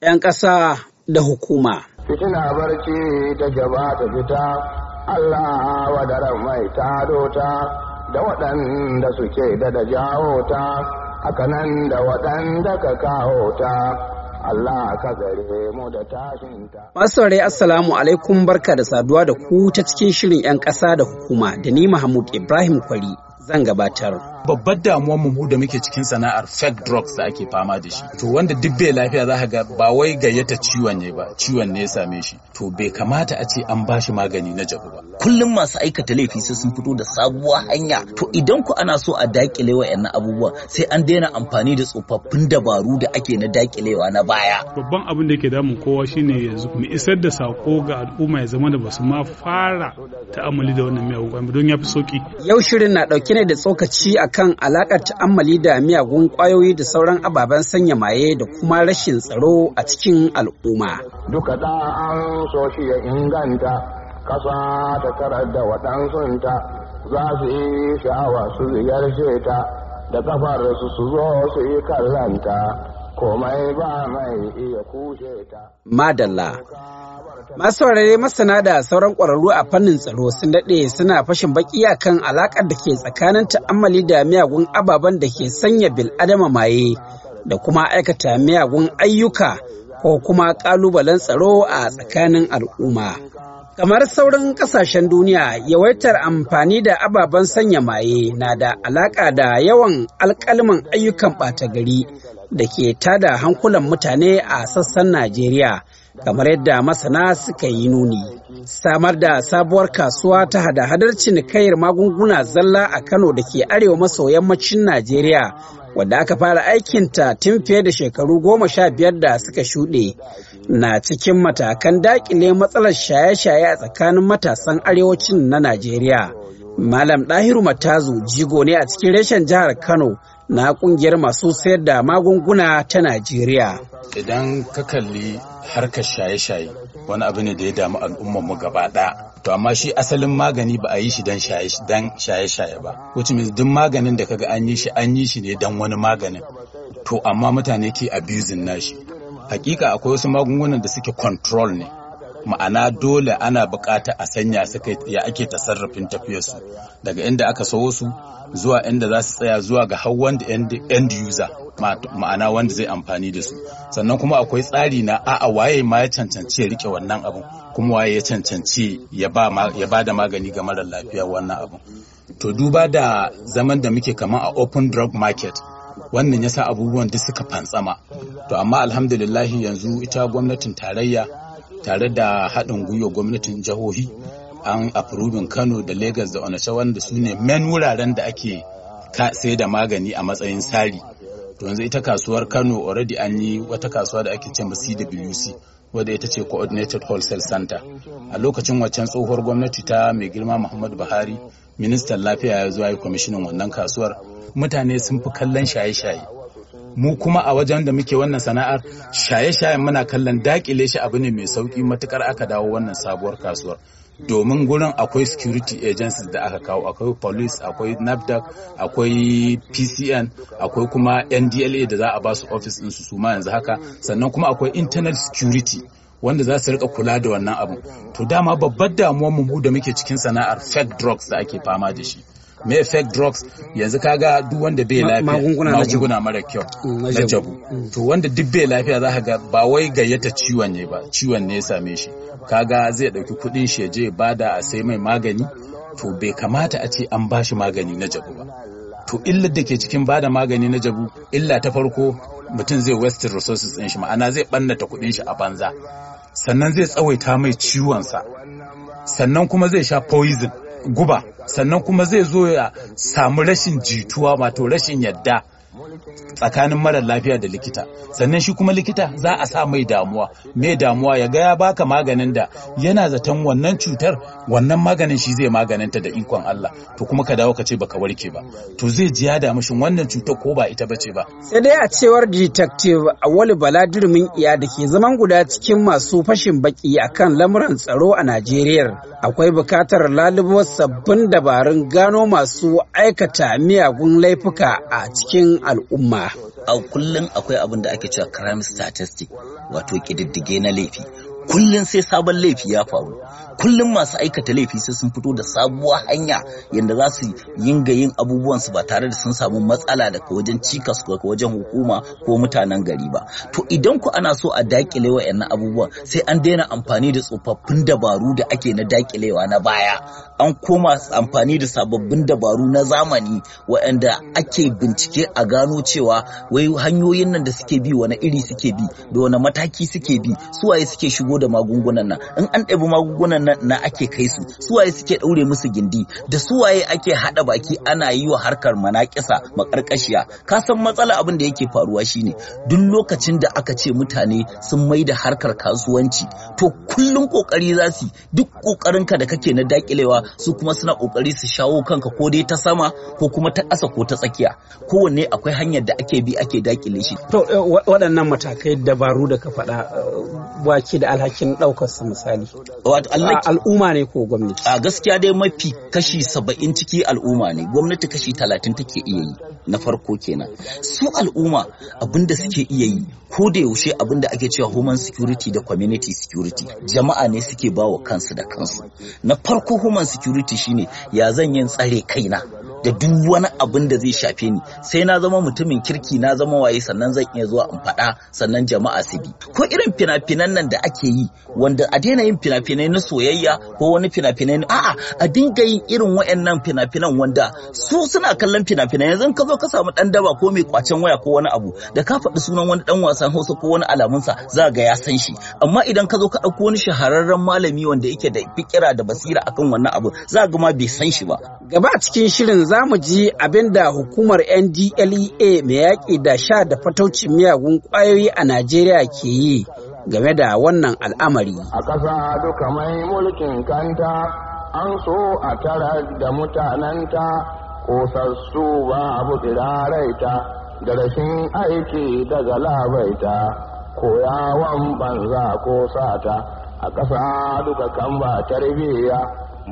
'yan ƙasa da hukuma. Fitina barci ta gaba ta fita, Allah da mai ta dota da waɗanda suke da da jawo ta, aka nan da waɗanda ka kawo ta. Allah ka gare mu da tashin ta. Masaure Assalamu alaikum barka da saduwa da ku ta cikin shirin 'yan ƙasa da hukuma da ni Mahmud Ibrahim Kwari zan gabatar. babbar damuwar mu da muke cikin sana'ar fake drugs da ake fama da shi to wanda duk bai lafiya za ga ba wai gayyata ciwon ne ba ciwon ne ya same shi to bai kamata a ce an bashi magani na jabu ba kullum masu aikata laifi sai sun fito da sabuwar hanya to idan ku ana so a dakile wayannan abubuwa sai an daina amfani da tsofaffin dabaru da ake na dakilewa na baya babban abin da yake damun kowa shine yanzu mu isar da sako ga al'umma ya zama da basu ma fara ta'amuli da wannan miyagun don ya fi sauki yau shirin na dauke ne da tsokaci a kan alakar ta'ammali da miyagun kwayoyi da sauran ababen sanya maye da kuma rashin tsaro a cikin al'umma. Duka da an so shi ya inganta kasa ta karar da waɗansunta za su yi sha'awa su ziyarce ta da kafar su su zo su yi kallanta komai ba mai iya kushe ta. Madalla. Masu saurare masana da sauran ƙwararru a fannin tsaro sun daɗe suna fashin baki kan alaƙar da ke tsakanin ta'ammali da miyagun ababen da ke sanya bil'adama maye da kuma aikata miyagun ayyuka ko kuma ƙalubalen tsaro a tsakanin al'umma. Kamar sauran ƙasashen duniya, yawaitar amfani da ababen sanya maye na da alaƙa da yawan alƙalman ayyukan ɓata gari da ke tada hankulan mutane a sassan Najeriya. kamar yadda masana suka yi nuni samar da sabuwar kasuwa ta hada-hadar cinikayyar magunguna zalla a kano da ke arewa maso yammacin najeriya wadda aka fara aikinta tun fiye da shekaru goma sha biyar da suka shuɗe na cikin matakan dakile matsalar shaye-shaye a tsakanin matasan arewacin na najeriya malam ɗahiru matazu jigo ne a cikin reshen jihar kano na kungiyar masu sayar da magunguna ta Najeriya. Idan ka kalli harkar shaye-shaye wani abu ne da ya damu mu gaba To amma shi asalin magani ba a yi shi don shaye-shaye ba. Which means duk maganin da kaga an yi shi an yi shi ne don wani maganin. To amma mutane ke abusing nashi. Hakika akwai wasu magungunan da suke control ne. ma'ana dole ana bukata a sanya su ya ake tasarrafin su daga inda aka sawo su zuwa inda za su tsaya zuwa ga har wanda end user ma'ana wanda zai amfani da su sannan kuma akwai tsari na a'a waye ma ya cancanci ya rike wannan abun kuma waye ya cancanci ya ba da magani ga marar lafiya wannan abun to duba da zaman da muke kamar a open drug market wannan yasa abubuwan duk suka fantsama to amma alhamdulillahi yanzu ita gwamnatin tarayya tare da haɗin gwiwa gwamnatin jihohi an afrobin kano da lagos da onasha wanda su ne men wuraren da ake sai da magani a matsayin sari to yanzu ita kasuwar kano already an yi wata kasuwa da ake ce cwc wadda ita ce coordinated wholesale center a lokacin waccan tsohuwar gwamnati ta mai girma muhammadu buhari ministan lafiya ya zo yi kwamishinan wannan kasuwar mutane sun fi kallon shaye-shaye mu kuma a wajen da muke wannan sana'ar shaye-shayen muna kallon dakile shi abu ne mai sauki matukar aka dawo wannan sabuwar kasuwar domin gurin akwai security agencies da aka kawo akwai police akwai nafdac akwai pcn akwai kuma ndla da za a ba su office din su ma yanzu haka sannan kuma akwai internal security wanda za su rika kula da wannan abu. to dama babbar damuwar mu da muke cikin sana'ar fake drugs da ake fama da shi me drugs yanzu kaga duk wanda bai lafiya magunguna mara kyau mm, na jabu mm. to wanda duk bai lafiya za ka ga ba wai gayyata ciwon ne ba ciwon ne ya same shi kaga zai ɗauki kuɗin shi ya je bada a sai mai magani to bai kamata a ce an bashi magani na jabu ba to illa da ke cikin bada magani na jabu illa ta farko mutum zai Western resources din shi ma'ana zai ɓannata kuɗin shi a banza sannan zai tsawaita mai ciwon sa sannan kuma zai sha poison guba sannan kuma zai zo ya samu rashin jituwa wato rashin yadda tsakanin marar lafiya da likita sannan shi kuma likita za a sa mai damuwa mai damuwa ya ga ya baka maganin da yana zaton wannan cutar wannan maganin shi zai maganinta da ikon Allah to kuma ka dawo ka ce baka warke ba to zai ji ya damu shin wannan cutar ko ba ita bace ba sai dai a cewar detective Awali Bala Durmin iya da ke zaman guda cikin masu fashin baki akan lamuran tsaro a Najeriya akwai bukatar lalubo sabbin dabarun gano masu aikata miyagun laifuka a cikin al'umma. A kullum akwai abin da ake cewa crime statistic wato ƙididdige na laifi. Kullum sai sabon laifi ya faru. kullum masu aikata laifi sai sun fito da sabuwar hanya yadda za su yinga yin su ba tare da sun samu matsala daga wajen cikas ko wajen hukuma ko mutanen gari ba to idan ku ana so a dakile wayannan abubuwan sai an daina amfani da tsofaffin dabaru da ake na dakilewa na baya an koma amfani da sababbin dabaru na zamani wayanda ake bincike a gano cewa wai hanyoyin nan da suke bi wani iri suke bi da wani mataki suke bi suwaye suke shigo da magungunan nan in an ɗebi magungunan nan na ake kai su suwaye suke daure musu gindi da suwaye ake haɗa baki ana yi wa harkar manaƙisa maƙarƙashiya ka san matsala abin da yake faruwa shine duk lokacin da aka ce mutane sun mai da harkar kasuwanci to kullum ƙoƙari za su duk ka da kake na dakilewa su kuma suna ƙoƙari su shawo kanka ko dai ta sama ko kuma ta ƙasa ko ta tsakiya kowanne akwai hanyar da ake bi ake daƙile shi. to eh, waɗannan matakai dabaru da ka faɗa eh, waki da alhakin ɗaukar su misali. wato al'umma ne ko gwamnati a gaskiya dai mafi kashi saba'in ciki al'umma ne gwamnati kashi talatin take iya yi na farko kenan su al'umma abinda suke iya yi ko da yaushe abinda ake cewa human security da community security jama'a ne suke bawa kansu da kansu na farko human security shine ya zan yin tsare kaina da duk wani abin da zai shafe ni sai na zama mutumin kirki na zama waye sannan zan iya zuwa in faɗa sannan jama'a su bi ko irin fina-finan nan da ake yi wanda a daina yin fina-finai na soyayya ko wani fina-finai na a'a a dinga yin irin wayannan fina-finan wanda su suna kallon fina-finai yanzu ka zo ka samu dan daba ko mai kwacen waya ko wani abu da ka faɗi sunan wani dan wasan Hausa ko wani alamun sa za ga ya san shi amma idan ka zo ka ɗauko wani shahararren malami wanda yake da fikira da basira akan wannan abu za ga ma bai san shi ba gaba cikin shirin za mu ji abin da hukumar NDLEA mai yaƙi da sha da fataucin miyagun ƙwayoyi a Najeriya ke yi game da wannan al'amari. A ƙasa duka mai mulkin kanta an so a tara da mutanenta sassu ba abu tsiraraita da rashin aiki daga labaita koyawan banza ko sata a ƙasa duka kan ba tarbiyya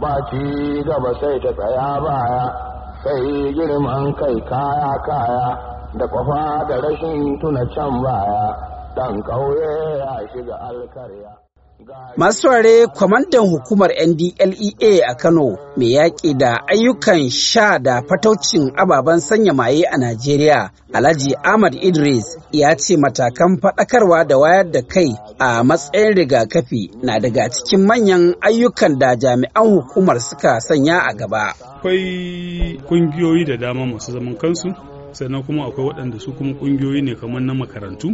ba ci gaba sai ta tsaya baya sai girman kai kaya kaya da kwafa da rashin tuna can baya dan ƙauye ya shiga alkarya Masu ware kwamandan hukumar NDLEA a Kano mai yaƙi da ayyukan sha da fataucin ababen sanya maye a Najeriya, Alhaji Ahmad Idris ya ce matakan faɗakarwa da wayar da kai a matsayin rigakafi na daga cikin manyan ayyukan da jami'an hukumar suka sanya a gaba. Akwai ƙungiyoyi da dama masu zaman kansu, sannan kuma akwai waɗanda su kuma ƙungiyoyi ne kamar na makarantu.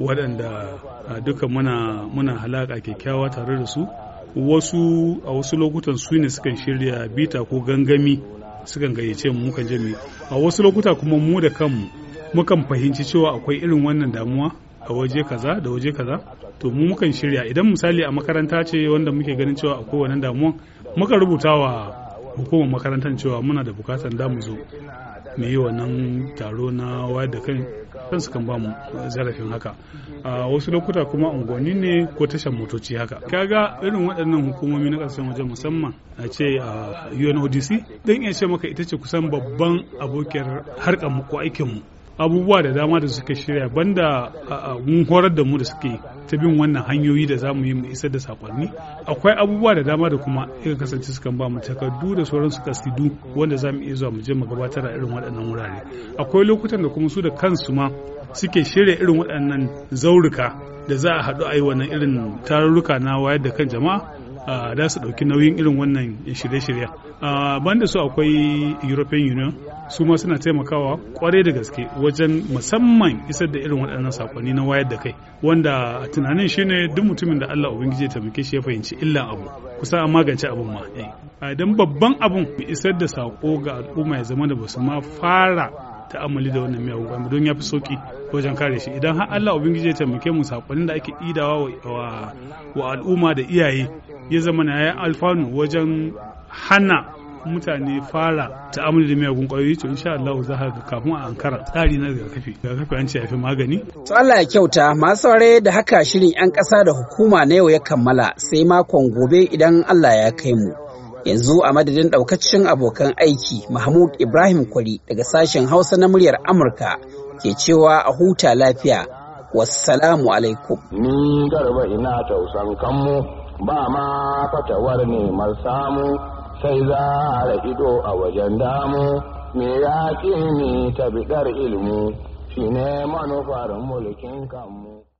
waɗanda duka muna muna halaka kyakkyawa tare da su wasu a wasu lokutan su ne sukan shirya bita ko gangami sukan gayyace mu mukan je a wasu lokuta kuma mu da kanmu mukan fahimci cewa akwai irin wannan damuwa a waje kaza da waje kaza to mu mukan shirya idan misali a makaranta ce wanda muke ganin cewa akwai wannan damuwa muka rubuta wa hukumar makarantar cewa muna da bukatar da zo mu yi wannan taro na wayar da kai kan su kan ba zarafin haka a wasu lokuta kuma unguwanni ne ko tashar motoci haka kaga irin waɗannan hukumomi na ƙasashen waje musamman a ce a UNODC dan iya ce maka ita ce kusan babban abokiyar harkar mu ko aikin mu abubuwa da dama da suka shirya banda mun horar da mu da suke ta bin wannan hanyoyi da za mu yi mu isar da sakonni akwai abubuwa da dama da kuma ya kasance sukan ba mu takardu da sauran su kasidu wanda za mu iya zuwa mu je mu gabatar a irin waɗannan wurare akwai lokutan da kuma su da kansu ma suke shirya irin waɗannan zaurika da za a haɗu a yi wannan irin tarurruka na wayar da kan jama'a da su ɗauki nauyin irin wannan shirye-shiryen banda su akwai european union su ma suna taimakawa kwarai da gaske wajen musamman isar da irin waɗannan sakonni na wayar da kai wanda a tunanin shine duk mutumin da Allah ubangiji ya taimake shi ya fahimci illa abu kusa a magance abun ma idan eh, babban abun isar da sako ga al'umma ya zama da basu ma fara ta'amali da wannan miyagun don ya fi sauki wajen kare shi idan har Allah ubangiji ya taimake mu sakonin da ake idawa wa al'umma da iyaye ya zama na ya alfanu wajen hana mutane fara ta'amuli da miyagun kwayoyi to insha Allah za ka kafin a ankara tsari na rigakafi rigakafi an ce yafi magani to Allah ya kyauta masu saurare da haka shirin yan ƙasa da hukuma na yau ya kammala sai makon gobe idan Allah ya kai mu yanzu a madadin daukacin abokan aiki Mahmud Ibrahim Kwari daga sashen Hausa na muryar Amurka ke cewa a huta lafiya wassalamu alaikum ni garba ina tausan kanmu ba ma fatawar neman samu sai za a ido a wajen damu me ya ƙi ni ta ilmu shi ne manufar mulkin kanmu